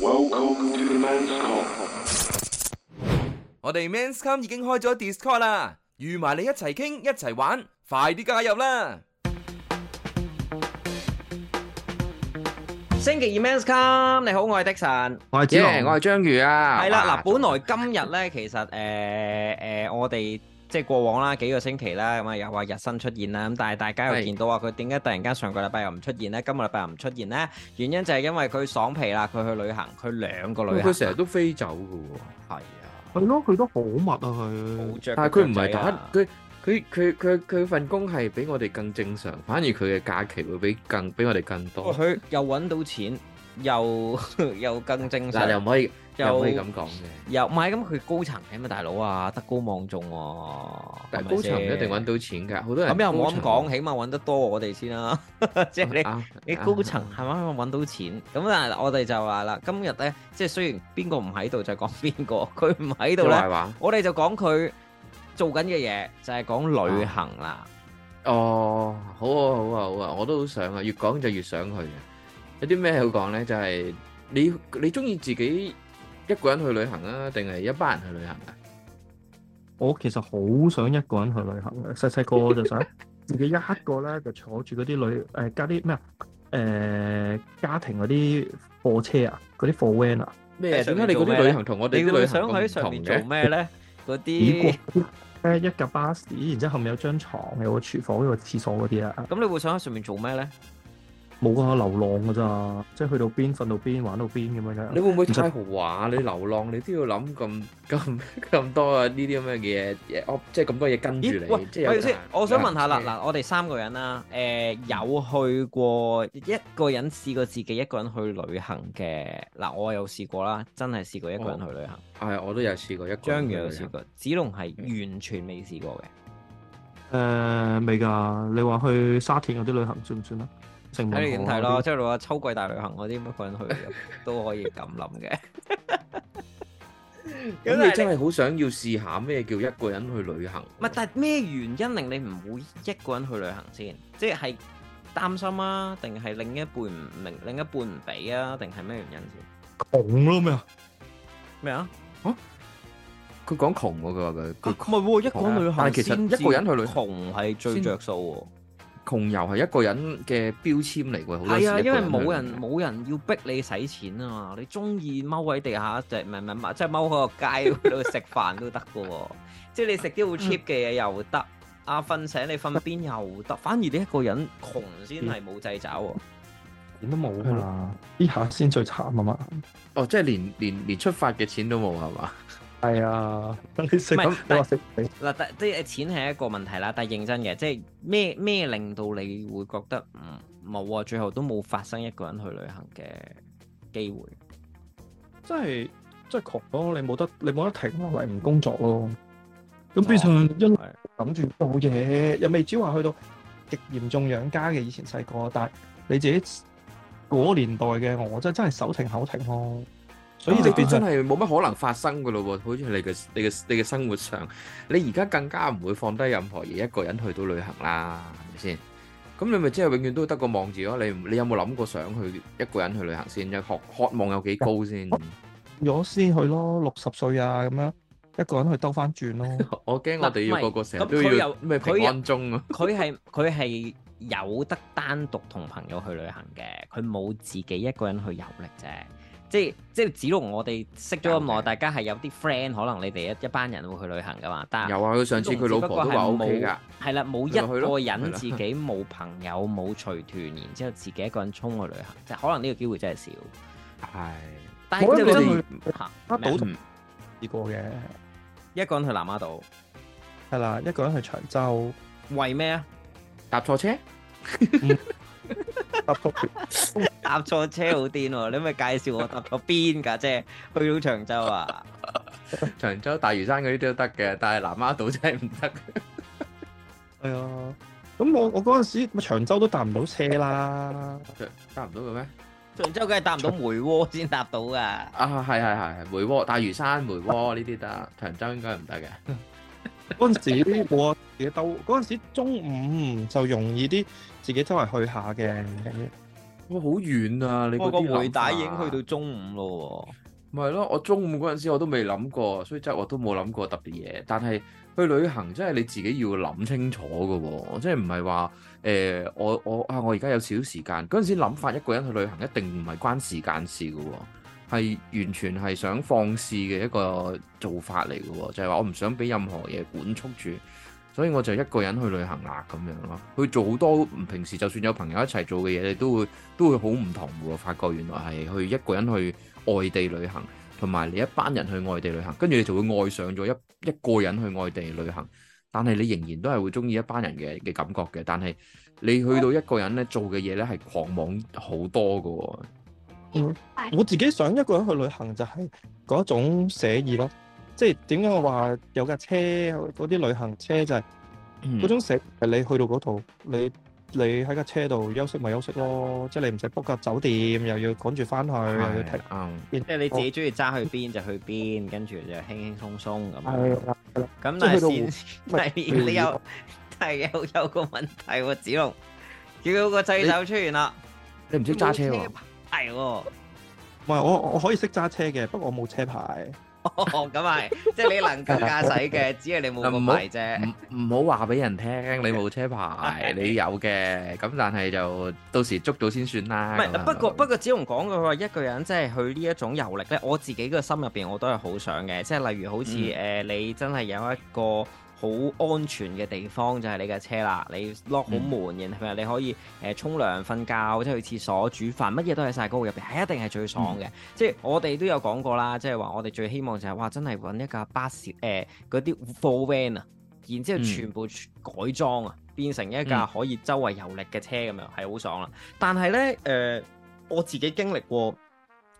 Welcome to the men's come。我哋 men's come 已經開咗 Discord 啦，預埋你一齊傾一齊玩，快啲加入啦！星期二 men's come，你好，我係的神，我係紫龍，我係章魚啊！係啦，嗱，本來今日咧，其實誒誒，我哋。即係過往啦，幾個星期啦，咁啊又話日新出現啦，咁但係大家又見到話佢點解突然間上個禮拜又唔出現咧，今個禮拜又唔出現咧？原因就係因為佢爽皮啦，佢去旅行，佢兩個旅行，佢成日都飛走㗎喎。係啊，係咯，佢都好密啊，佢。但係佢唔係打，佢佢佢佢佢份工係比我哋更正常，反而佢嘅假期會比更比我哋更多。佢又揾到錢，又又更正常。嗱，你唔可以。又可以咁講嘅，又唔係咁佢高層啊嘛，大佬啊，德高望重喎。但係高層唔一定揾到錢㗎，好多人，咁又冇咁講，起碼揾得多我哋先啦。即係你你高層係咪揾到錢？咁但係我哋就話啦，今日咧，即係雖然邊個唔喺度，就講邊個。佢唔喺度咧，我哋就講佢做緊嘅嘢，就係講旅行啦。哦，好啊，好啊，好啊，我都好想啊，越講就越想去啊。有啲咩好講咧？就係你你中意自己。一個人去旅行啊，定係一班人去旅行啊？我其實好想一個人去旅行嘅，細細個就想自己一個啦，就坐住嗰啲旅誒加啲咩啊？誒家庭嗰啲貨車啊，嗰啲貨 van 啊？咩？點解你嗰啲旅行同我哋啲旅行喺上面做咩咧？嗰啲誒一架巴士，然之後面有張牀，有個廚房，有個廁所嗰啲啊。咁你會想喺上面做咩咧？冇啊，流浪噶咋，即係去到邊瞓到邊，玩到邊咁啊樣。你會唔會太豪華？是你流浪你都要諗咁咁咁多啊？呢啲咁嘅嘢，我、哦、即係咁多嘢跟住你。喂、欸，我想問，問下對啦，嗱，我哋三個人啦，誒、呃，有去過一個人試過自己一個人去旅行嘅。嗱、呃，我有試過啦，真係試過一個人去旅行。係、哦，我都有試過一個人去旅行。章魚有試過，紫龍係完全未試過嘅。誒、嗯，未噶、呃？你話去沙田嗰啲旅行算唔算啊？睇你點睇咯，即係話秋季大旅行嗰啲乜個人去都可以咁諗嘅。咁你真係好想要試下咩叫一個人去旅行？唔係，但係咩原因令你唔會一個人去旅行先？即係擔心啊，定係另一半唔明，另一半唔俾啊，定係咩原因先？窮咯咩啊？咩啊？啊？佢講窮喎，佢話佢佢唔係喎，一個人旅行，但係其實一個人去旅行窮係最著數喎。窮遊係一個人嘅標籤嚟喎，係啊，因為冇人冇人要逼你使錢啊嘛，你中意踎喺地下，即係唔係唔係，即係踎喺個街度食飯都得嘅喎，即係你食啲好 cheap 嘅嘢又得，啊瞓醒你瞓邊又得，反而你一個人窮先係冇掣肘喎，點、欸、都冇啦、啊，呢下先最慘啊嘛，哦，即係連連連出發嘅錢都冇係嘛？係啊，等等食唔係，嗱是，但即係錢係一個問題啦。但認真嘅，即係咩咩令到你會覺得唔冇、嗯、啊？最後都冇發生一個人去旅行嘅機會。真係真係窮咯！你冇得，你冇得停落嚟唔工作、啊。咁加上一因為諗住做嘢，又未至於話去到極嚴重養家嘅。以前細個，但你自己嗰年代嘅我，我真真係手停口停咯。所以你哋的真係冇乜可能發生嘅咯喎，好似你嘅你嘅你嘅生活上，你而家更加唔會放低任何嘢，一個人去到旅行啦，係咪先？咁你咪即係永遠都得個望住咯、啊。你你有冇諗過想去一個人去旅行先啫？渴渴望有幾高先？我先去咯，六十歲啊咁樣，一個人去兜翻轉咯。 我驚我哋要個個成日都要。咁佢又平安鐘啊？佢係佢係有得單獨同朋友去旅行嘅，佢冇自己一個人去遊歷啫。即係即係，紫龍我哋識咗咁耐，大家係有啲 friend，可能你哋一一班人會去旅行噶嘛？但有啊，佢上次佢老婆都話冇噶。係啦，冇一個人自己冇朋友冇隨團，然之後自己一個人衝去旅行，就可能呢個機會真係少。係，但係你哋行馬島唔試過嘅，一個人去南丫島係啦，一個人去長洲爲咩啊？搭錯車。搭錯 車好癲喎、喔！你咪介紹我搭到邊架車去到長洲啊？ 長洲、大嶼山嗰啲都得嘅，但係南丫島真係唔得。係 啊，咁我我嗰陣時長洲都搭唔到車啦，搭唔到嘅咩？長洲梗係搭唔到梅窩先搭到噶。 啊，係係係梅窩、大嶼山、梅窩呢啲得，長洲應該係唔得嘅。番薯梅窩。自己兜嗰時，中午就容易啲，自己周圍去下嘅。我好遠啊！你嗰啲圍打已經去到中午咯喎。咪係咯，我中午嗰陣時我都未諗過，所以即係我都冇諗過特別嘢。但係去旅行真係你自己要諗清楚㗎喎，即係唔係話誒我我啊我而家有少少時間嗰陣時諗法，一個人去旅行一定唔係關時間事㗎喎，係完全係想放肆嘅一個做法嚟㗎喎，就係話我唔想俾任何嘢管束住。所以我就一個人去旅行啦，咁樣咯，去做好多平時就算有朋友一齊做嘅嘢，你都會都會好唔同喎。發覺原來係去一個人去外地旅行，同埋你一班人去外地旅行，跟住你就會愛上咗一一個人去外地旅行。但係你仍然都係會中意一班人嘅嘅感覺嘅。但係你去到一個人咧做嘅嘢咧係狂妄好多㗎。嗯，我自己想一個人去旅行就係嗰種寫意咯。即係點解我話有架車嗰啲旅行車就係嗰種食係你去到嗰度，你你喺架車度休息咪休息咯，即係你唔使 book 架酒店，又要趕住翻去，又要停，即係你自己中意揸去邊就去邊，跟住就輕輕鬆鬆咁。咁但係你有係有有個問題喎，子龍，叫個掣手出完啦，你唔識揸車喎？係喎，唔係我我可以識揸車嘅，不過我冇車牌。 哦，咁係， 即係你能夠駕駛嘅， 只係你冇個牌啫。唔好話俾人聽 你冇車牌，你有嘅。咁但係就到時捉到先算啦。唔係是後，不過只要不過，紫龍講嘅話，一個人即係佢呢一種遊歷咧。我自己個心入邊，我都係好想嘅。即係例如好似誒、嗯呃，你真係有一個。好安全嘅地方就係你嘅車啦，你 lock 好門，然後、嗯、你可以誒沖涼、瞓、呃、覺，即係去廁所、煮飯，乜嘢都喺晒。嗰個入邊，係一定係最爽嘅。嗯、即係我哋都有講過啦，即係話我哋最希望就係、是、哇，真係揾一架巴士誒嗰啲 full van 啊，呃、an，然之後全部改裝啊，嗯、變成一架可以周圍遊歷嘅車咁樣，係好爽啦。但係呢，誒、呃，我自己經歷過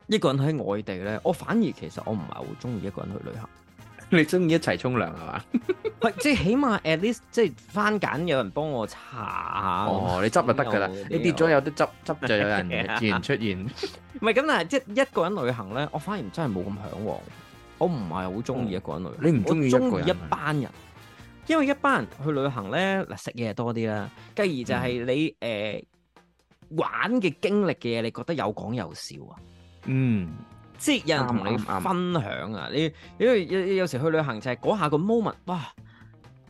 一個人喺外地呢，我反而其實我唔係好中意一個人去旅行。 你中意一齊沖涼係嘛？唔即係起碼 at least 即係番梘有人幫我擦下。哦， 你執就得噶啦， 你跌咗有啲執執就有人嘅，自然出現。唔係咁，但係即係一個人旅行咧，我反而真係冇咁嚮往、喔。我唔係好中意一個人旅行。哦、你唔中意一個人一班人，因為一班人去旅行咧嗱，食嘢多啲啦。繼而就係你誒、嗯呃、玩嘅經歷嘅嘢，你覺得有講有笑啊？嗯。即係有人同你分享啊！嗯嗯、你因為有有時去旅行就係、是、嗰下個 moment，哇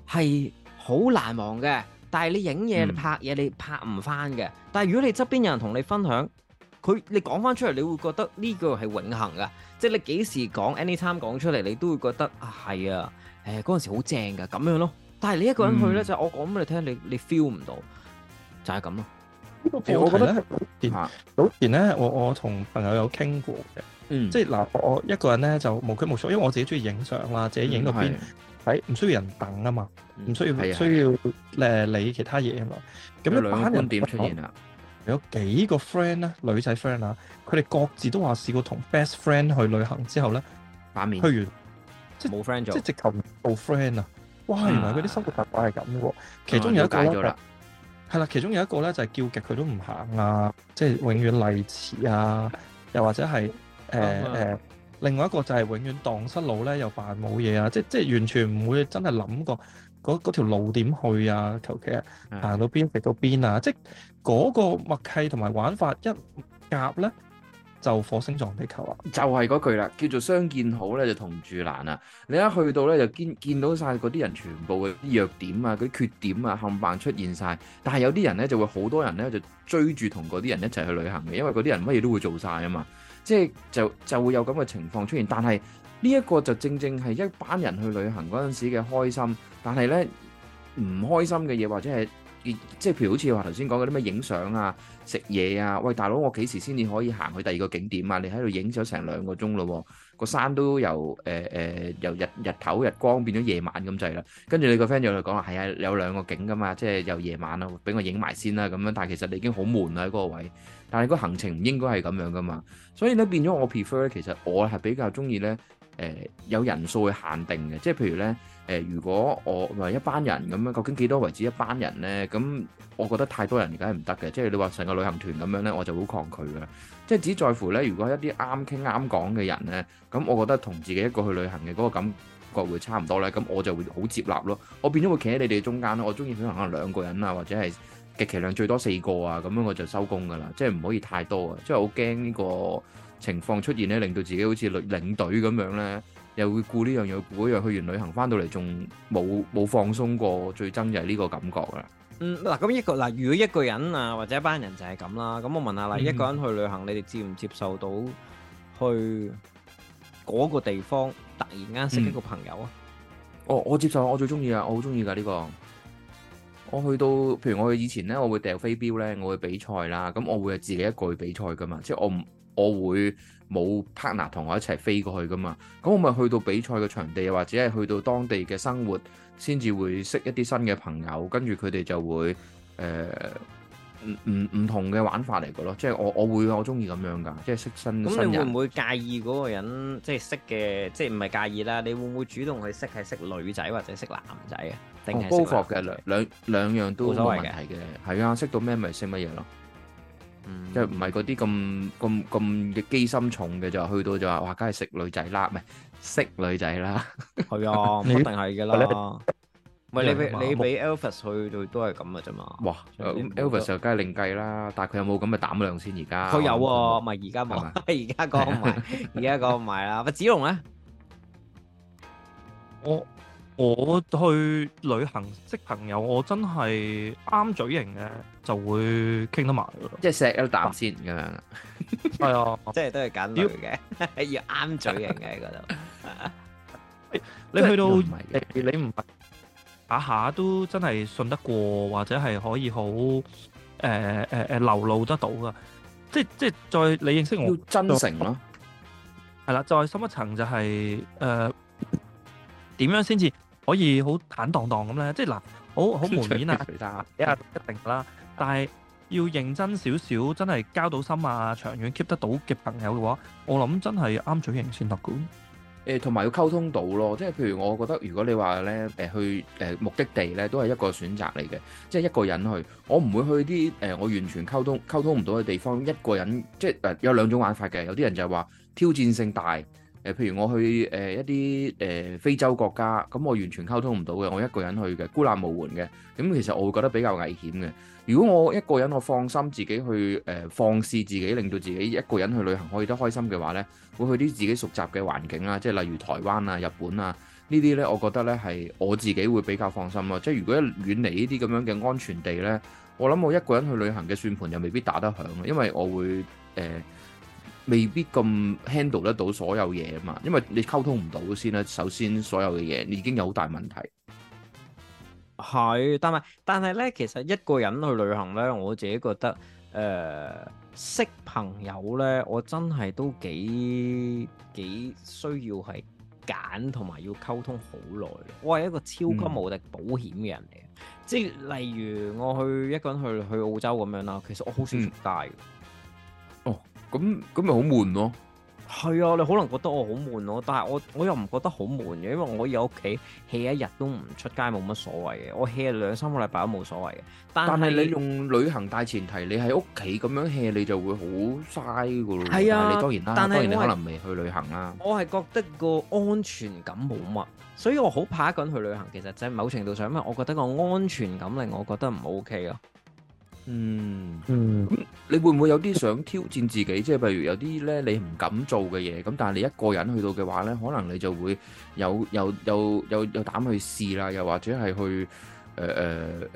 係好難忘嘅。但係你影嘢、你拍嘢，你拍唔翻嘅。但係如果你側邊有人同你分享，佢你講翻出嚟，你會覺得呢個係永恆嘅。即係你幾時講 anytime 講出嚟，你都會覺得啊，係啊，誒嗰陣時好正㗎咁樣咯。但係你一個人去咧，嗯、就係我講俾你聽，你你 feel 唔到，就係、是、咁咯。呢個幾好睇，早前咧，我我同朋友有傾過嘅，即係嗱，我一個人咧就無拘無束，因為我自己中意影相啦，自己影嗰邊，喺唔需要人等啊嘛，唔需要需要誒理其他嘢啊嘛。咁一班人點出現啦？有幾個 friend 咧，女仔 friend 啊，佢哋各自都話試過同 best friend 去旅行之後咧，反面去完即係冇 friend，咗，即係直頭冇 friend 啊！哇，原來嗰啲生活習慣係咁嘅喎。其中有一個，係啦，其中有一個咧就係、是、叫極佢都唔行啊，即、就、係、是、永遠例遲啊，又或者係誒誒，另外一個就係永遠蕩失路咧，又扮冇嘢啊，即係即係完全唔會真係諗過嗰條路點去啊，求其行到邊食到邊啊，uh huh。即係嗰、那個默契同埋玩法一夾咧。就火星撞地球啊！就係嗰句啦，叫做相見好咧就同住難啊！你一去到咧就見見到晒嗰啲人全部嘅啲弱點啊、啲缺點啊，冚唪棒出現晒。但係有啲人咧就會好多人咧就追住同嗰啲人一齊去旅行嘅，因為嗰啲人乜嘢都會做晒啊嘛，即係就就會有咁嘅情況出現。但係呢一個就正正係一班人去旅行嗰陣時嘅開心，但係咧唔開心嘅嘢或者係。即係譬如好似話頭先講嗰啲咩影相啊、食嘢啊，喂大佬我幾時先至可以行去第二個景點啊？你喺度影咗成兩個鐘咯，個山都由誒誒、呃呃、由日日頭日光變咗夜晚咁滯啦。跟住你個 friend 就嚟講話係啊，有兩個景噶嘛，即係有夜晚咯，俾我影埋先啦咁樣。但係其實你已經好悶啦喺嗰個位，但係個行程唔應該係咁樣噶嘛。所以咧變咗我 prefer 咧，其實我係比較中意咧誒有人數去限定嘅，即係譬如咧。誒，如果我一班人咁樣，究竟幾多為止一班人呢？咁我覺得太多人而家係唔得嘅，即係你話成個旅行團咁樣呢，我就好抗拒嘅。即係只在乎呢，如果一啲啱傾啱講嘅人呢，咁我覺得同自己一個去旅行嘅嗰個感覺會差唔多呢。咁我就會好接納咯。我變咗會企喺你哋中間咯。我中意旅行可能兩個人啊，或者係極其量最多四個啊，咁樣我就收工㗎啦。即係唔可以太多啊！即係好驚呢個情況出現呢，令到自己好似領隊咁樣呢。又會顧呢樣又顧嗰樣，去完旅行翻到嚟仲冇冇放鬆過，最憎就係呢個感覺啦。嗯，嗱，咁一個嗱，如果一個人啊，或者一班人就係咁啦。咁我問下啦，一個人去旅行，你哋接唔接受到去嗰個地方突然間識一個朋友啊？哦，我接受，我最中意啊，我好中意噶呢個。我去到，譬如我去以前咧，我會掉飛鏢咧，我會比賽啦。咁我會係自己一個去比賽噶嘛，即係我唔。我會冇 partner 同我一齊飛過去㗎嘛？咁我咪去到比賽嘅場地，或者係去到當地嘅生活，先至會識一啲新嘅朋友。跟住佢哋就會誒唔唔唔同嘅玩法嚟㗎咯。即係我我會我中意咁樣㗎。即係識新、嗯、新人。咁你會唔會介意嗰個人即係識嘅？即係唔係介意啦？你會唔會主動去識係識女仔或者識男仔啊？定係？包括嘅兩兩兩樣都冇問題嘅。係啊，識到咩咪識乜嘢咯。即係唔係嗰啲咁咁咁嘅機心重嘅就去到就話哇，梗係食女仔啦，唔係識女仔啦。係啊，肯定係噶啦。唔係你俾你俾 Elvis 去到都係咁噶啫嘛。哇，Elvis 就梗係另計啦，但係佢有冇咁嘅膽量先而家？佢有，唔係而家冇，而家講唔埋，而家講唔埋啦。阿紫龍咧，我。我去旅行識朋友，我真係啱嘴型嘅就會傾得埋咯，即係錫一啖先咁樣，係啊，即係都係揀女嘅，要啱嘴型嘅嗰度。你去到你唔係下下都真係信得過，或者係可以好誒誒誒流露得到噶，即即再你認識我，要真誠啦。係啦，再深一層就係誒點樣先至？可以好坦蕩蕩咁咧，即係嗱，好好門面啊，一下一定啦。但係要認真少少，真係交到心啊，長遠 keep 得到嘅朋友嘅話，我諗真係啱嘴型先得嘅。誒，同埋要溝通到咯，即係譬如我覺得，如果你話咧誒去誒目的地咧，都係一個選擇嚟嘅，即係一個人去，我唔會去啲誒我完全溝通溝通唔到嘅地方。一個人即係有兩種玩法嘅，有啲人就係話挑戰性大。誒，譬如我去誒、呃、一啲誒、呃、非洲國家，咁我完全溝通唔到嘅，我一個人去嘅，孤立無援嘅，咁其實我會覺得比較危險嘅。如果我一個人，我放心自己去誒、呃、放肆自己，令到自己一個人去旅行可以得開心嘅話呢，會去啲自己熟習嘅環境啊，即係例如台灣啊、日本啊呢啲呢，我覺得呢係我自己會比較放心咯。即係如果遠離呢啲咁樣嘅安全地呢，我諗我一個人去旅行嘅算盤又未必打得響，因為我會誒、呃未必咁 handle 得到所有嘢啊嘛，因為你溝通唔到先啦。首先，所有嘅嘢已經有好大問題，係，但係，但係咧，其實一個人去旅行咧，我自己覺得誒、呃，識朋友咧，我真係都幾幾需要係揀同埋要溝通好耐。我係一個超級無敵保險嘅人嚟嘅，嗯、即係例如我去一個人去去澳洲咁樣啦，其實我好少食帶。嗯咁咁咪好悶咯，係啊，啊，你可能覺得我好悶咯，但係我我又唔覺得好悶嘅，因為我有屋企 hea 一日都唔出街，冇乜所謂嘅，我 hea 兩三個禮拜都冇所謂嘅。但係你用旅行大前提，你喺屋企咁樣 hea，你就會好嘥噶咯。係啊，啊你當然啦，但係你可能未去旅行啦，啊。我係覺得個安全感冇乜，所以我好怕一個人去旅行。其實就係某程度上，因為我覺得個安全感令我覺得唔 ok 咯。嗯嗯，你會唔會有啲想挑戰自己？即係譬如有啲呢，你唔敢做嘅嘢，咁但係你一個人去到嘅話呢，可能你就會有有有有有膽去試啦，又或者係去。誒誒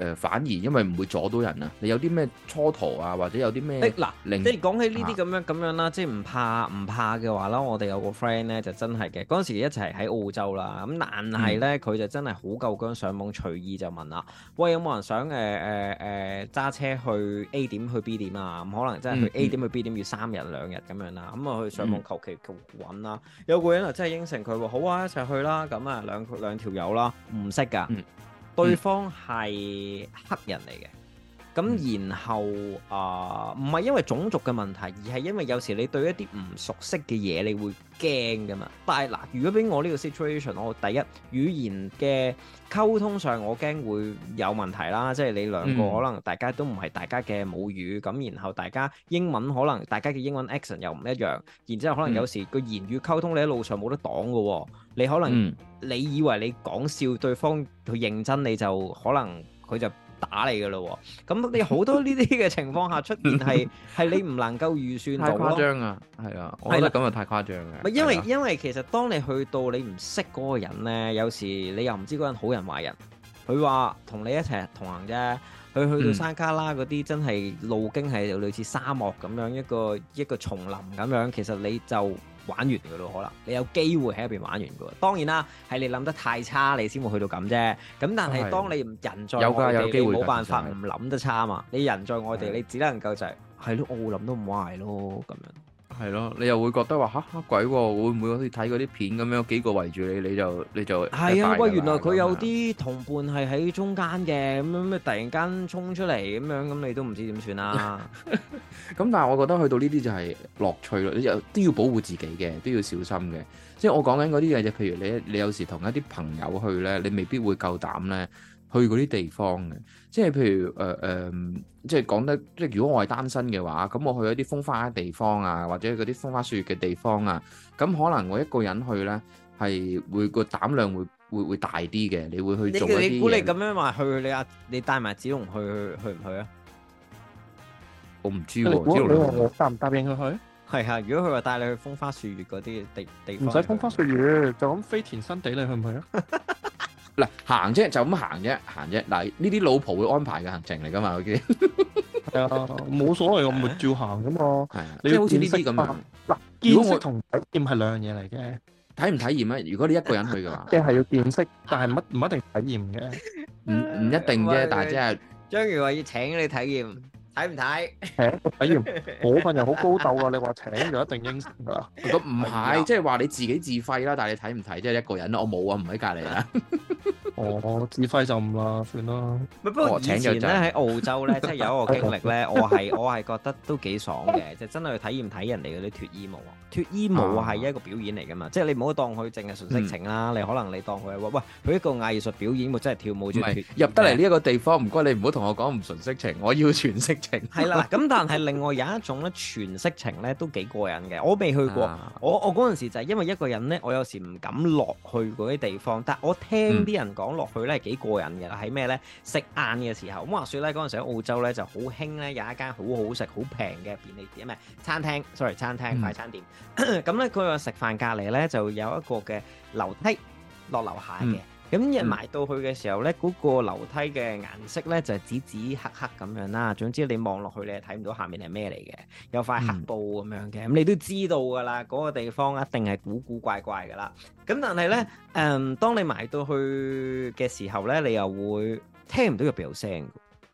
誒，反而因為唔會阻到人啊！你有啲咩蹉跎啊，或者有啲咩？嗱、欸，即係講起呢啲咁樣咁樣啦，即係唔、啊、怕唔怕嘅話啦，我哋有個 friend 咧就真係嘅，嗰陣時一齊喺澳洲啦，咁但係咧佢就真係好夠薑，上網隨意就問啦，喂，有冇人想誒誒誒揸車去 A 點去 B 點啊？咁可能真係去 A 點去、嗯、B 點要三日兩日咁樣、樣啦，咁啊去上網求其揾啦，有個人啊真係應承佢好啊，一齊去啦，咁啊兩兩條友啦，唔識㗎。對方係黑人嚟嘅。咁、嗯、然後啊，唔、呃、係因為種族嘅問題，而係因為有時你對一啲唔熟悉嘅嘢，你會驚噶嘛。但係嗱，如果俾我呢個 situation，我第一語言嘅溝通上，我驚會有問題啦。即係你兩個可能大家都唔係大家嘅母語，咁、嗯、然後大家英文可能大家嘅英文 accent 又唔一樣，然之後可能有時個言語溝通你喺路上冇得擋噶喎。你可能你以為你講笑，對方佢認真，你就可能佢就，打你㗎咯，咁你好多呢啲嘅情況下出現係係 你唔能夠預算到咯。太誇張啊，係啊，我覺得咁啊太誇張嘅。因為的因為其實當你去到你唔識嗰個人呢，有時你又唔知嗰人好人壞人，佢話同你一齊同行啫。佢去到山卡拉嗰啲真係路經係類似沙漠咁樣，嗯、一個一個叢林咁樣，其實你就。玩完嘅咯，可能，你有機會喺入邊玩完嘅。當然啦，係你諗得太差，你先會去到咁啫。咁但係當你唔人在外地，冇辦法唔諗得差嘛。你人在外地，的你只能夠就係、是、係咯，我會諗得唔壞咯咁樣。係咯，你又會覺得話嚇黑鬼喎，會唔會好似睇嗰啲片咁樣有幾個圍住你，你就你就係啊！喂，原來佢有啲同伴係喺中間嘅，咁咪突然間衝出嚟咁樣，咁你都唔知點算啦。咁 但係我覺得去到呢啲就係樂趣咯，又都要保護自己嘅，都要小心嘅。即係我講緊嗰啲嘢就譬如你你有時同一啲朋友去咧，你未必會夠膽咧。去嗰啲地方嘅，即係譬如誒誒，即係講得，即係如果我係單身嘅話，咁我去一啲風花地方啊，或者係嗰啲風花雪月嘅地方啊，咁可能我一個人去咧，係會個膽量會會會大啲嘅，你會去做一啲。你你估你咁樣話去你阿你帶埋紫龍去去去唔去啊？我唔知喎，紫龍答唔答應佢去？係啊，如果佢話帶你去風花雪月嗰啲地地方，唔使風花雪月，就咁飛田新地，你去唔去啊？嗱行啫，就咁行啫，行啫。嗱呢啲老婆會安排嘅行程嚟噶嘛？OK，係啊，冇所謂啊，咪照行噶嘛。係啊，即係好似呢啲咁啊。嗱，見識同體驗係兩樣嘢嚟嘅。體唔體驗啊？如果你一個人去嘅話，即係要見識，但係唔乜唔一定體驗嘅。唔唔一定啫，但係即係。張如話要請你體驗。睇唔睇？請個體驗，我份人好高竇啊！你話請就一定應承㗎啦。如果唔係，即係話你自己自費啦。但係你睇唔睇？即係一個人，我冇啊，唔喺隔離啦。我自費就唔啦，算啦。不過以前咧喺澳洲咧，即係有一個經歷咧，我係我係覺得都幾爽嘅，就真係去體驗睇人哋嗰啲脫衣舞啊！脫衣舞係一個表演嚟㗎嘛，即係你唔好當佢淨係純色情啦。你可能你當佢係喂喂，佢一個藝術表演，佢真係跳舞。唔係入得嚟呢一個地方，唔該你唔好同我講唔純色情，我要全色。係啦，咁 但係另外有一種咧全色情咧都幾過癮嘅，我未去過，啊、我我嗰陣時就係因為一個人咧，我有時唔敢落去嗰啲地方，但我聽啲人講落去咧幾過癮嘅，喺咩咧食晏嘅時候，咁話說咧嗰陣時喺澳洲咧就好興咧有一間好好食、好平嘅便利店，唔咩，餐廳，sorry 餐廳、嗯、快餐店，咁咧佢個食飯隔離咧就有一個嘅樓梯落樓下嘅。嗯咁人埋到去嘅時候呢，嗰、那個樓梯嘅顏色呢，就係、是、紫紫黑黑咁樣啦。總之你望落去，你係睇唔到下面係咩嚟嘅，有塊黑布咁樣嘅。咁、嗯、你都知道噶啦，嗰、那個地方一定係古古怪怪噶啦。咁但係呢，誒、嗯，當你埋到去嘅時候呢，你又會聽唔到入邊有聲。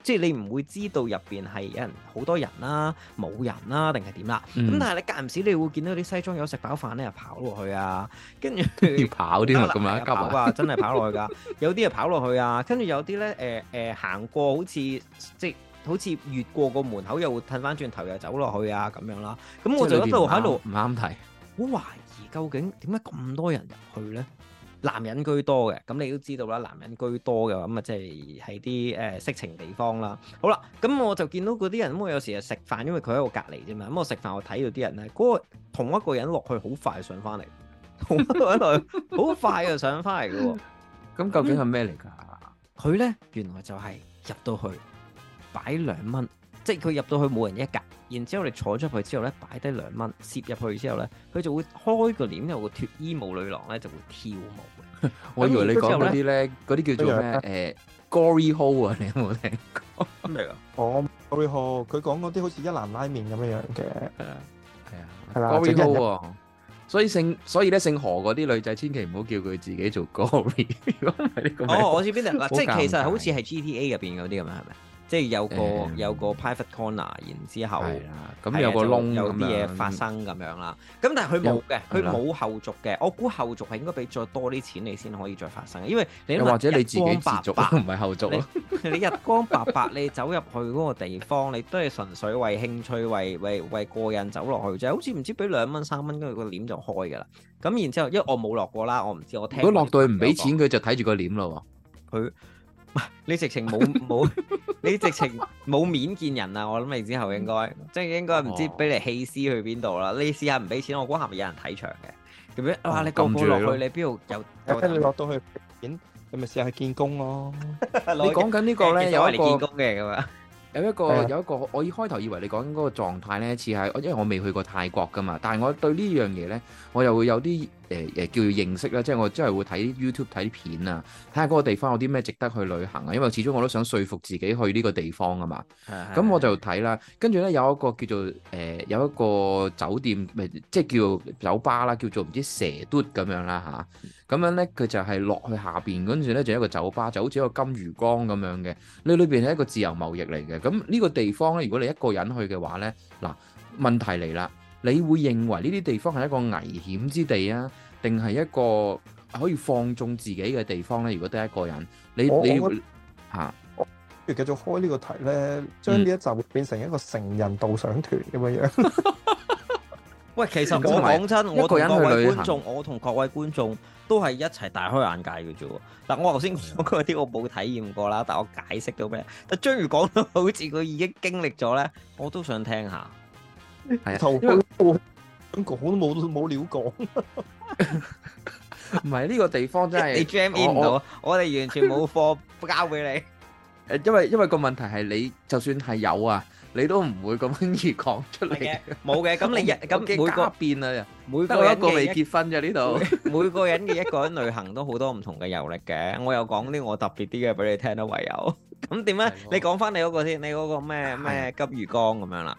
即係你唔會知道入邊係有人好多人啦、啊、冇人啦定係點啦。咁、啊嗯、但係你間唔時你會見到啲西裝友食飽飯咧，又跑落去啊。跟住 要跑啲係咪啊？真跑真係 跑落去㗎。有啲啊跑落去啊。跟住有啲咧誒誒行過，好似即係好似越過個門口，又會 turn 翻轉頭又走落去啊咁樣啦、啊。咁我就喺度喺度唔啱睇，好懷疑究竟點解咁多人入去咧？男人居多嘅，咁你都知道啦。男人居多嘅，咁啊即係喺啲誒色情地方啦。好啦，咁我就見到嗰啲人，咁我有時啊食飯，因為佢喺我隔離啫嘛。咁我食飯我睇到啲人咧，嗰、嗰個同一個人落去好快上翻嚟，同一個人落去好快就上翻嚟㗎。咁 究竟係咩嚟㗎？佢咧、嗯、原來就係入到去擺兩蚊，即係佢入到去冇人一格。然之後你坐咗去之後咧，擺低兩蚊攝入去之後咧，佢就會開個簾，有個脫衣舞女郎咧就會跳舞。我以為你講嗰啲咧，嗰啲叫做咩？Gory Hole 啊，你有冇聽過？明啊！哦，Gory Hole，佢講嗰啲好似一蘭拉麵咁樣樣嘅。係啊，係啊，Gory Hole 啊，所以姓所以咧姓何嗰啲女仔千祈唔好叫佢自己做 Gory。我知邊度啦，即係其實好似係 GTA 入邊嗰啲咁樣，係咪？即係有個有個 private corner，然之後咁有個窿，有啲嘢發生咁樣啦。咁但係佢冇嘅，佢冇後續嘅。我估後續係應該俾再多啲錢你先可以再發生，因為你或者你自己自續唔係後續咯。你日光白白，你走入去嗰個地方，你都係純粹為興趣、為為為個人走落去，就好似唔知俾兩蚊三蚊，跟住個簾就開㗎啦。咁然之後，因為我冇落過啦，我唔知我聽過。如果落到去唔俾錢，佢就睇住個簾咯。佢。你直情冇冇？ 你直情冇面見人啊！我諗你之後應該， 即係應該唔知俾你棄屍去邊度啦。你試下唔俾錢，我估係咪有人睇場嘅？咁樣哇！你咁落落去，你邊度有？咁你落到去，你咪試下見工咯、啊。 你講緊呢個咧，有一個有一個，一個 我以開頭以為你講緊嗰個狀態咧，似係，因為我未去過泰國噶嘛。但係我對呢樣嘢咧，我又會有啲。誒誒、呃、叫認識啦，即係我真係會睇 YouTube 睇片啊，睇下嗰個地方有啲咩值得去旅行啊，因為始終我都想說服自己去呢個地方啊嘛。咁是我就睇啦，跟住呢，有一個叫做誒、呃、有一個酒店即係叫酒吧啦，叫做唔知蛇嘟咁樣啦吓，咁、啊、樣呢，佢就係落去下邊，跟住呢，就係、一個酒吧，就好似一個金魚缸咁樣嘅。呢裏邊係一個自由貿易嚟嘅。咁呢個地方呢，如果你一個人去嘅話呢，嗱問題嚟啦。你會認為呢啲地方係一個危險之地啊，定係一個可以放縱自己嘅地方咧？如果得一個人，你你嚇會，要繼續開呢個題咧，將呢一集會變成一個成人導賞團咁樣樣。 喂，其實我講真，我各位觀眾，我同各位觀眾都係一齊大開眼界嘅啫喎。嗱，我頭先講嗰啲我冇體驗過啦，但我解釋到咩？但章魚講到好似佢已經經歷咗咧，我都想聽下。係啊，因為講都冇冇料講，唔係呢個地方真係你 dream in 唔到，我哋完全冇貨交俾你。誒，因為因為個問題係，你就算係有啊，你都唔會咁輕易講出嚟嘅。冇嘅，咁你日咁每個變啊，每個一個未結婚咋呢度？每個人嘅一個人旅行都好多唔同嘅遊歷嘅。我又講啲我特別啲嘅俾你聽都，唯有咁點樣？你講翻你嗰個先，你嗰個咩咩金魚缸咁樣啦。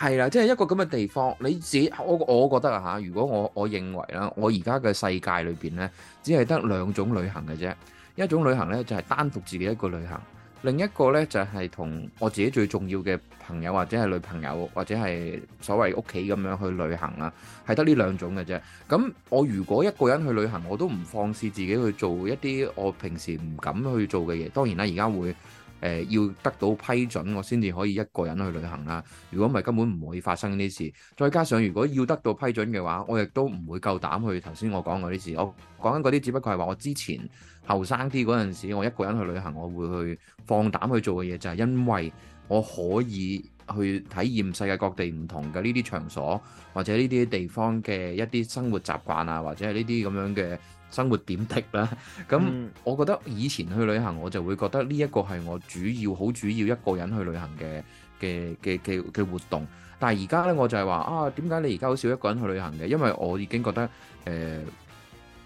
係啦，即係一個咁嘅地方，你自己我我覺得啊嚇，如果我我認為啦，我而家嘅世界裏邊呢，只係得兩種旅行嘅啫。一種旅行呢，就係單獨自己一個旅行，另一個呢，就係同我自己最重要嘅朋友或者係女朋友或者係所謂屋企咁樣去旅行啦，係得呢兩種嘅啫。咁我如果一個人去旅行，我都唔放肆自己去做一啲我平時唔敢去做嘅嘢。當然啦，而家會。要得到批准，我先至可以一個人去旅行啦。如果唔係，根本唔會發生呢啲事。再加上，如果要得到批准嘅話，我亦都唔會夠膽去頭先我講嗰啲事。我講緊嗰啲，只不過係話我之前後生啲嗰陣時，我一個人去旅行，我會去放膽去做嘅嘢，就係因為我可以去體驗世界各地唔同嘅呢啲場所，或者呢啲地方嘅一啲生活習慣啊，或者呢啲咁樣嘅。生活點滴啦，咁、嗯、我覺得以前去旅行，我就會覺得呢一個係我主要好主要一個人去旅行嘅嘅嘅嘅嘅活動。但係而家呢，我就係話啊，點解你而家好少一個人去旅行嘅？因為我已經覺得誒、呃，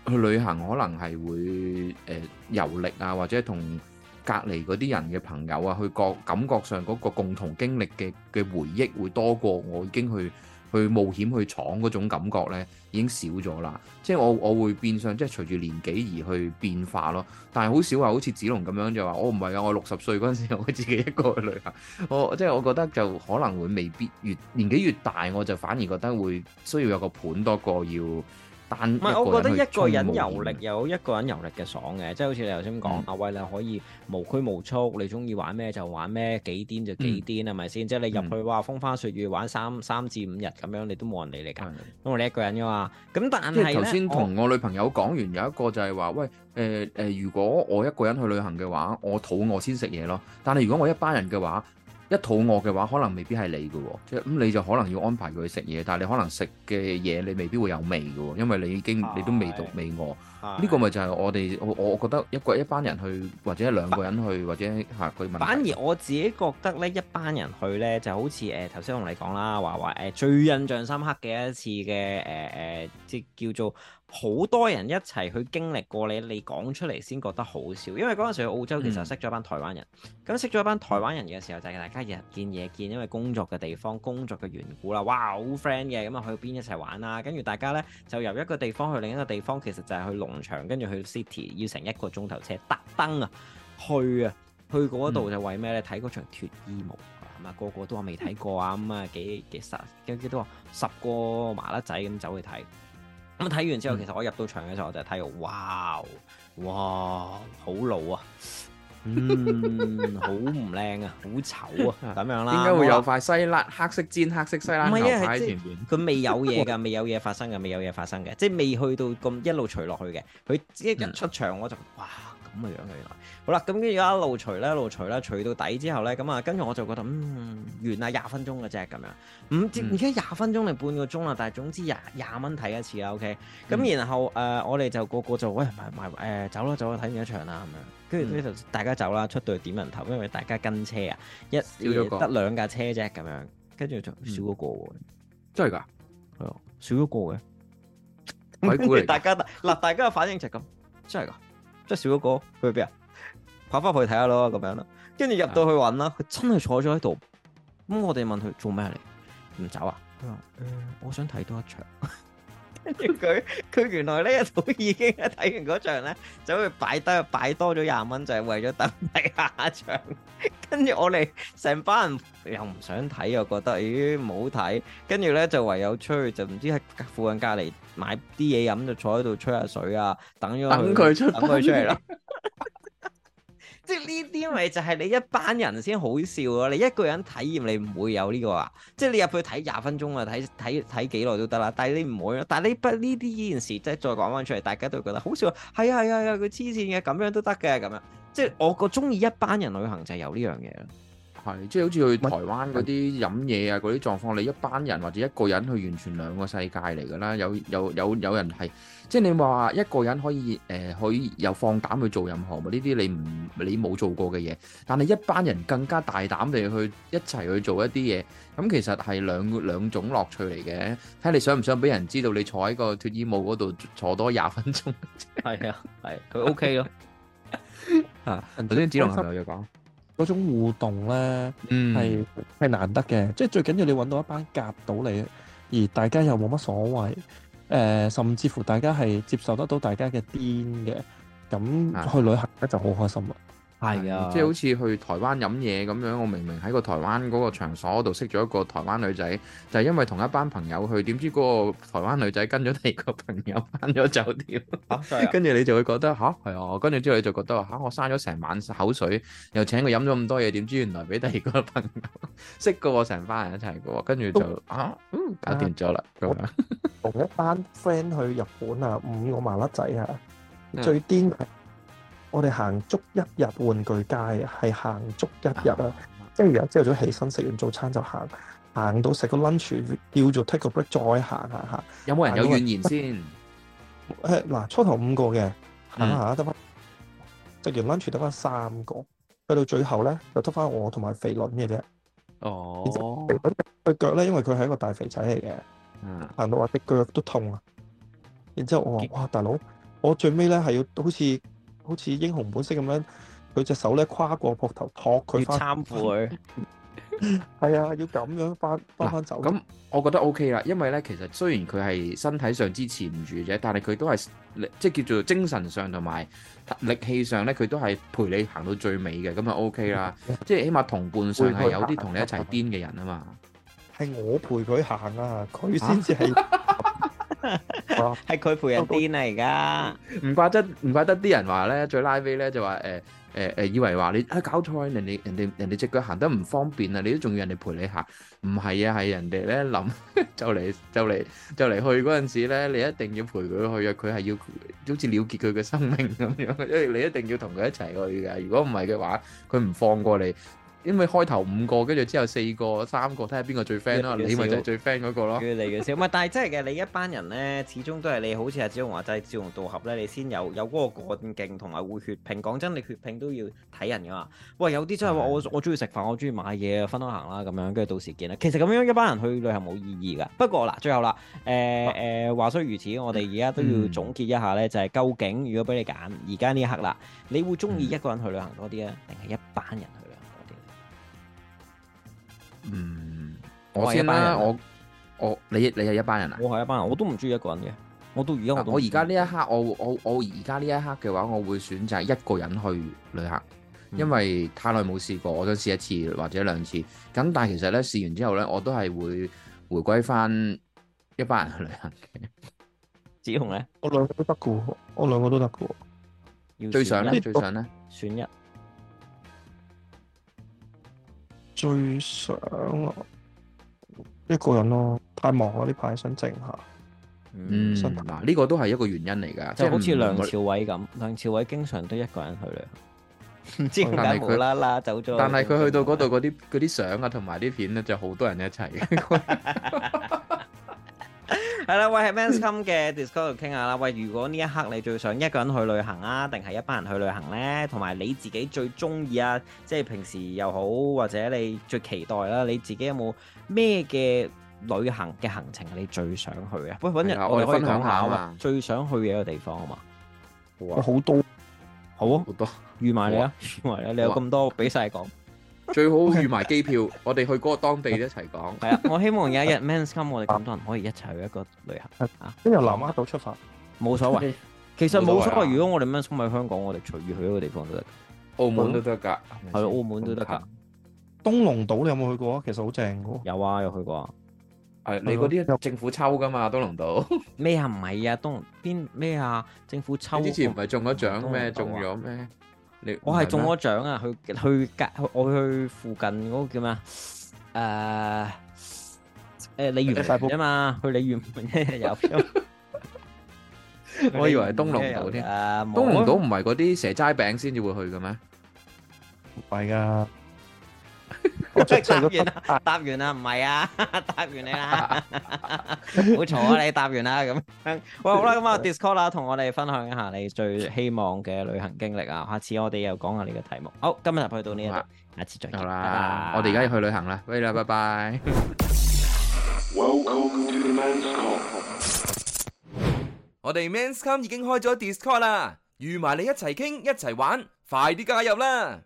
去旅行可能係會誒、呃、遊歷啊，或者同隔離嗰啲人嘅朋友啊，去覺感覺上嗰個共同經歷嘅嘅回憶會多過我已經去。去冒險去闖嗰種感覺呢，已經少咗啦。即係我，我會變相即係隨住年紀而去變化咯。但係好少話，好似紫龍咁樣就話、哦，我唔係啊！我六十歲嗰陣時，我自己一個去旅行。我即係我覺得就可能會未必越年紀越大，我就反而覺得會需要有個盤多過要。唔係，我覺得一個人遊歷有一個人遊歷嘅爽嘅，即係好似你頭先講，阿威、嗯啊、你可以無拘無束，你中意玩咩就玩咩，幾癲就幾癲，係咪先？即係你入去話，風花雪月玩三三至五日咁樣，你都冇人理你㗎，嗯、因為你一個人㗎嘛。咁但係咧，頭先同我女朋友講完，有一個就係話，喂，誒、呃、誒、呃呃，如果我一個人去旅行嘅話，我肚餓先食嘢咯。但係如果我一班人嘅話，一肚餓嘅話，可能未必係你嘅，即係咁你就可能要安排佢去食嘢，但係你可能食嘅嘢你未必會有味嘅，因為你已經你都未讀、啊、未餓。呢、啊、個咪就係我哋我，我覺得一個一班人去或者兩個人去但或者嚇佢問。反而我自己覺得呢一班人去呢，就好似誒頭先同你講啦，話話誒最印象深刻嘅一次嘅誒誒即叫做。好多人一齊去經歷過你，你講出嚟先覺得好笑。因為嗰陣時候去澳洲其實識咗一班台灣人，咁、嗯、識咗一班台灣人嘅時候就係、係、大家日見夜見，因為工作嘅地方、工作嘅緣故啦。哇，好 friend 嘅，咁啊去邊一齊玩啊？跟住大家呢，就由一個地方去另一個地方，其實就係去農場，跟住去 city 要乘一個鐘頭車，特登啊去啊去嗰度就為咩咧？睇嗰場脱衣舞啊嘛，個個都話未睇過啊，咁啊幾幾十幾幾多十個麻甩仔咁走去睇。咁睇完之後，其實我入到場嘅時候我就睇到，哇！哇，好老啊，嗯，好唔靚啊，好醜啊，咁樣啦。點解 會有塊西辣？黑色煎、黑色西辣，唔係係佢未有嘢㗎，未有嘢發生㗎，未有嘢發生嘅，即係未去到咁一路除落去嘅。佢即係一出場我就哇！咁嘅樣嘅原來，好啦，咁跟住而家一路除咧，一路除啦，除到底之後咧，咁、嗯、啊，跟住我就覺得嗯完啦，廿分鐘嘅啫咁樣，唔知，唔家廿分鐘定半個鐘啦，但係總之廿廿蚊睇一次啦。OK 咁然後誒、嗯呃、我哋就個個、呃、就喂、呃、埋埋誒走啦走啦睇完一場啦咁樣，跟住呢就、嗯、大家走啦，出到去點人頭，因為大家跟車啊，一得、呃、兩架車啫咁樣，跟住就少咗個、嗯，真係㗎，係啊、嗯，少咗個嘅，鬼故嚟，大家嗱 大家嘅反應就係咁，真係㗎。笑想即係少咗個，去邊啊？跑翻去睇下咯，咁樣咯。跟住入到去搵啦，佢真係坐咗喺度。咁我哋問佢做咩嚟？唔走啊？佢話、啊，誒、呃，我想睇多一場。 跟住佢，佢原來呢一早已經睇完嗰場咧，走去擺低，擺多咗廿蚊就係為咗等睇下場。跟住我哋成班人又唔想睇，又覺得咦唔好睇。跟住咧就唯有出去，就唔知係附近隔離買啲嘢飲，就坐喺度吹下水啊，等咗，等佢出，等佢出嚟啦。 即係呢啲咪就係你一班人先好笑咯，你一個人體驗你唔會有呢個啊，即係你入去睇廿分鐘啊，睇睇睇幾耐都得啦，但係你唔會咯。但係呢不呢啲呢件事即係再講返出嚟，大家都覺得好笑，係啊係啊係，佢黐線嘅咁樣都得嘅咁樣，即係我個中意一班人旅行就係有呢樣嘢啦。係，即係好似去台灣嗰啲飲嘢啊，嗰啲狀況，你一班人或者一個人去，完全兩個世界嚟㗎啦。有有有有人係，即係你話一個人可以誒，可以有放膽去做任何呢啲你唔你冇做過嘅嘢。但係一班人更加大膽地去一齊去做一啲嘢，咁其實係兩兩種樂趣嚟嘅。睇你想唔想俾人知道你坐喺個脫衣舞嗰度坐多廿分鐘？係啊，係佢 OK 咯。啊，頭先子龍朋友又講。嗰種互動呢，係係、嗯、難得嘅，即係最緊要你揾到一班夾到你，而大家又冇乜所謂，誒、呃，甚至乎大家係接受得到大家嘅癲嘅，咁去旅行咧就好開心啦～係啊， 即係好似去台灣飲嘢咁樣，我明明喺個台灣嗰個場所度識咗一個台灣女仔，就係、是、因為同一班朋友去，點知嗰個台灣女仔跟咗第二個朋友翻咗酒店，跟 住你就會覺得吓，係啊，跟住、啊、之後你就覺得吓、啊，我嘥咗成晚口水，又請佢飲咗咁多嘢，點知原來俾第二個朋友 識嘅喎，成班人一齊嘅喎，跟住就啊，嗯搞掂咗啦咁啊，同有 一班 friend 去日本啊，五個麻甩仔啊，最癲。嗯我哋行足一日玩具街，係行足一日啊！即係日朝頭早起身，食完早餐就行，行到食個 lunch，叫做 take a break，再行下。行。有冇人有怨言先？嗱，初頭五個嘅行下得翻，即完 lunch 得翻三個，去到最後咧，就得翻我同埋肥卵嘅啫。哦，肥卵佢腳咧，因為佢係一個大肥仔嚟嘅，行到啊，隻腳都痛啊！然之後我話：哇，大佬，我最尾咧係要好似，好似英雄本色咁樣，佢隻手咧跨過膊頭托佢返，要攙扶佢，係啊，要咁樣返返返走。咁我覺得 OK 啦，因為咧其實雖然佢係身體上支持唔住啫，但係佢都係即係叫做精神上同埋力氣上咧，佢都係陪你行到最尾嘅，咁就 OK 啦。 即係起碼同伴上係有啲同你一齊癲嘅人啊嘛。係我陪佢行啊，佢先至係。啊 係佢 陪人癲嚟，而家唔怪得唔怪得啲人話咧，最拉尾咧就話誒誒誒，以為話你啊、哎、搞錯，人哋人哋人哋隻腳行得唔方便啊，你都仲要人哋陪你行？唔係啊，係人哋咧諗就嚟就嚟就嚟去嗰陣時咧，你一定要陪佢去啊！佢係要好似了結佢嘅生命咁樣，因 為你一定要同佢一齊去嘅。如果唔係嘅話，佢唔放過你。因為開頭五個跟住之後四個三個，睇下邊個最 friend 咯。你認為就係最 friend 嗰個咯，你嘅少咪？但係真係嘅，你一班人咧，始終都係你好似紫龍話齋，真係志同道合咧，你先有有嗰個過境同埋會血拼。講真，你血拼都要睇人噶嘛。喂，有啲真係我我中意食飯，我中意買嘢，分開行啦咁樣，跟住到時見啦。其實咁樣一班人去旅行冇意義噶。不過嗱，最後啦，誒、呃、誒、嗯、話雖如此，我哋而家都要總結一下咧，就係、是、究竟如果俾你揀，而家呢一刻啦，你會中意一個人去旅行多啲啊，定係一班人？嗯，我先啦，我我你你係一班人啊？我係一班人，我都唔中意一個人嘅。我到而家我而家呢一刻我我我而家呢一刻嘅話，我會選擇一個人去旅行，因為太耐冇試過，我想試一次或者兩次。咁但係其實咧，試完之後咧，我都係會回歸翻一班人去旅行嘅。紫龍咧，我兩個都得嘅，我兩個都得嘅。最想咧，最想咧，選一。最想啊，一個人咯，啊，太忙啦呢排，想靜下。嗯，嗱，呢個都係一個原因嚟㗎，即係好似梁朝偉咁，梁朝偉經常都一個人去嘅，唔知點解無啦啦走咗了。但係佢去到嗰度嗰啲啲相啊，同埋啲片咧，就好多人一齊。 係啦，喂，系 Men's Come 嘅 Discord 度，傾下啦。喂，如果呢一刻你最想一個人去旅行啊，定係一班人去旅行咧？同埋你自己最中意啊，即係平時又好，或者你最期待啦，你自己有冇咩嘅旅行嘅行程你最想去啊？喂，揾日我哋可以講下啊嘛，最想去嘅一個地方好嘛。我好多，好啊，好多，預埋你啊，預埋你，你有咁多，俾晒講。最好預埋機票，我哋去嗰個當地一齊講。係啊，我希望有一日 Men's Come，我哋咁多人可以一齊去一個旅行啊。跟住南丫島出發，冇所謂。其實冇所謂，如果我哋 Men's Come 去香港，我哋隨意去一個地方都得。澳門都得㗎，係澳門都得㗎。東龍島你有冇去過啊？其實好正㗎。有啊，有去過啊。係你嗰啲政府抽㗎嘛？東龍島咩啊？唔係啊，東龍邊咩啊？政府抽你之前唔係中咗獎咩？中咗咩？我係中咗獎啊！去去隔去我去附近嗰個叫咩啊？誒誒，鯉魚門啊嘛，去鯉魚門一日遊。我以為東龍島添，東龍島唔係嗰啲蛇齋餅先至會去嘅咩？唔係㗎。即 答完啦，答完啦，唔係啊，答完了你啦，好嘈啊，你答完啦咁樣，好啦，咁、嗯、啊 Discord 啦，同我哋分享一下你最希望嘅旅行經歷啊，下次我哋又講下你嘅題目。好，今日就去到呢度，吧下次再見，啦吧，拜拜。我哋而家要去旅行啦，喂啦，拜拜。Welcome to the men's come。 我哋 Men's Come 已經開咗 Discord 啦，預埋你一齊傾，一齊玩，快啲加入啦！